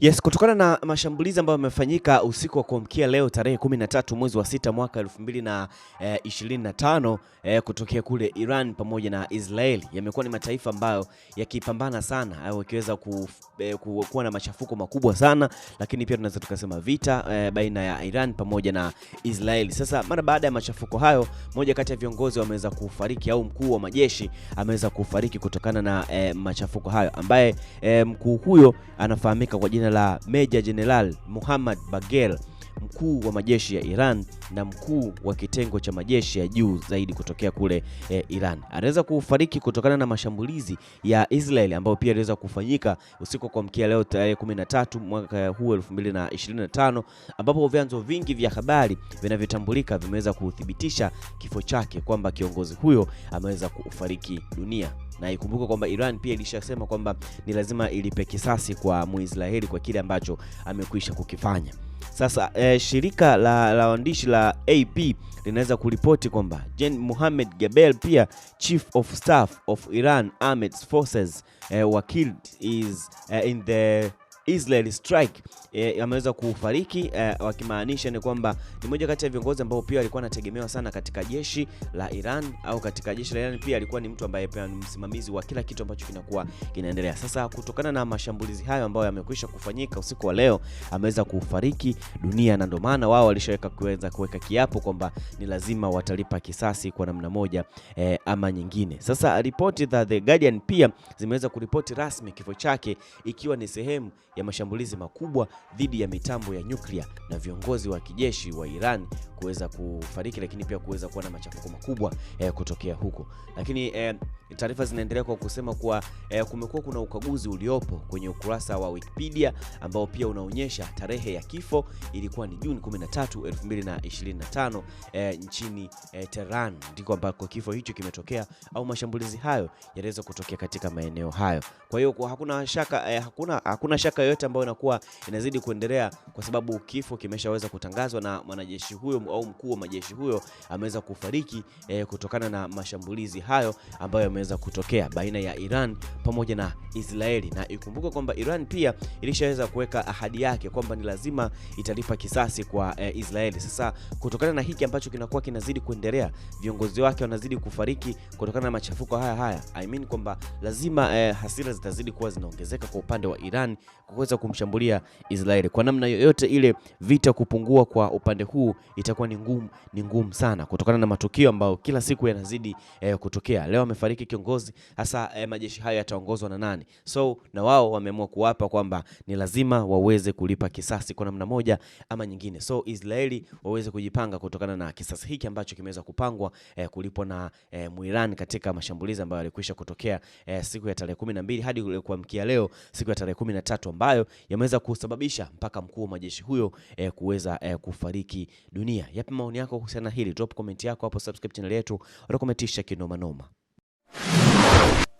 Yes, kutokana na mashambulizi ambayo yamefanyika usiku wa kuamkia leo tarehe 13 mwezi wa sita mwaka 2025 eh, eh, kutokea kule Iran pamoja na Israel yamekuwa ni mataifa ambayo yakipambana sana au ku, eh, kuwa na machafuko makubwa sana, lakini pia tunaweza tukasema vita eh, baina ya Iran pamoja na Israel. Sasa mara baada ya machafuko hayo, moja kati ya viongozi wameweza kufariki au mkuu wa majeshi ameweza kufariki kutokana na eh, machafuko hayo, ambaye eh, mkuu huyo anafahamika kwa jina jina la Meja Jeneral Muhammad Bagel, mkuu wa majeshi ya Iran na mkuu wa kitengo cha majeshi ya juu zaidi kutokea kule e, Iran. Anaweza kufariki kutokana na mashambulizi ya Israel ambayo pia aliweza kufanyika usiku kwa mkia leo tarehe 13 mwaka huu 2025, ambapo vyanzo vingi vya habari vinavyotambulika vimeweza kuthibitisha kifo chake kwamba kiongozi huyo ameweza kufariki dunia na ikumbuke kwamba Iran pia ilishasema kwamba ni lazima ilipe kisasi kwa Muisraeli kwa kile ambacho amekwisha kukifanya. Sasa eh, shirika la waandishi la, la AP linaweza kuripoti kwamba Gen Mohamed Gebel pia Chief of Staff of Iran Armed Forces eh, wakil is eh, in the Israel Strike e, ameweza kufariki e, wakimaanisha ni kwamba ni moja kati ya viongozi ambao pia alikuwa anategemewa sana katika jeshi la Iran au katika jeshi la Iran pia alikuwa ni mtu ambaye pia ni msimamizi wa kila kitu ambacho kinakuwa kinaendelea. Sasa kutokana na mashambulizi hayo ambayo yamekwisha kufanyika usiku wa leo, ameweza kufariki dunia, na ndio maana wao walishaweka kuweza kuweka kiapo kwamba ni lazima watalipa kisasi kwa namna moja e, ama nyingine. Sasa ripoti za The Guardian pia zimeweza kuripoti rasmi kifo chake ikiwa ni sehemu ya mashambulizi makubwa dhidi ya mitambo ya nyuklia na viongozi wa kijeshi wa Iran kuweza kufariki, lakini pia kuweza kuwa na machafuko makubwa eh, kutokea huko, lakini eh, Eh, taarifa zinaendelea kwa kusema kuwa eh, kumekuwa kuna ukaguzi uliopo kwenye ukurasa wa Wikipedia ambao pia unaonyesha tarehe ya kifo ilikuwa ni Juni 13, 2025 eh, nchini eh, Tehran ndiko ambako kifo hicho kimetokea au mashambulizi hayo yaliweza kutokea katika maeneo hayo. Kwa hiyo hakuna shaka eh, hakuna, hakuna shaka yoyote ambayo inakuwa inazidi kuendelea kwa sababu kifo kimeshaweza kutangazwa na mwanajeshi huyo au mkuu wa majeshi huyo ameweza kufariki eh, kutokana na mashambulizi hayo ambayo yameweza kutokea baina ya Iran pamoja na Israeli, na ikumbuke kwamba Iran pia ilishaweza kuweka ahadi yake kwamba ni lazima italipa kisasi kwa eh, Israeli. Sasa kutokana na hiki ambacho kinakuwa kinazidi kuendelea, viongozi wake wanazidi kufariki kutokana na machafuko haya haya, I mean kwamba lazima eh, hasira zitazidi kuwa zinaongezeka kwa upande wa Iran kuweza kumshambulia Israeli. Kwa namna yoyote ile, vita kupungua kwa upande huu itakuwa ni ngumu, ni ngumu sana kutokana na matukio ambayo kila siku yanazidi eh, kutokea. Leo amefariki kiongozi, hasa eh, majeshi hayo yataongozwa na nani? fulani. So na wao wameamua kuwapa kwamba ni lazima waweze kulipa kisasi kwa namna moja ama nyingine, so Israeli waweze kujipanga kutokana na kisasi hiki ambacho kimeweza kupangwa eh, kulipo na eh, Muiran katika mashambulizi ambayo yalikwisha kutokea eh, siku ya tarehe mbili hadi kuamkia leo siku ya tarehe tatu ambayo yameweza kusababisha mpaka mkuu wa majeshi huyo eh, kuweza eh, kufariki dunia. Yapi maoni yako kuhusiana hili? Drop comment yako hapo, subscribe channel yetu, rekometisha kinoma noma.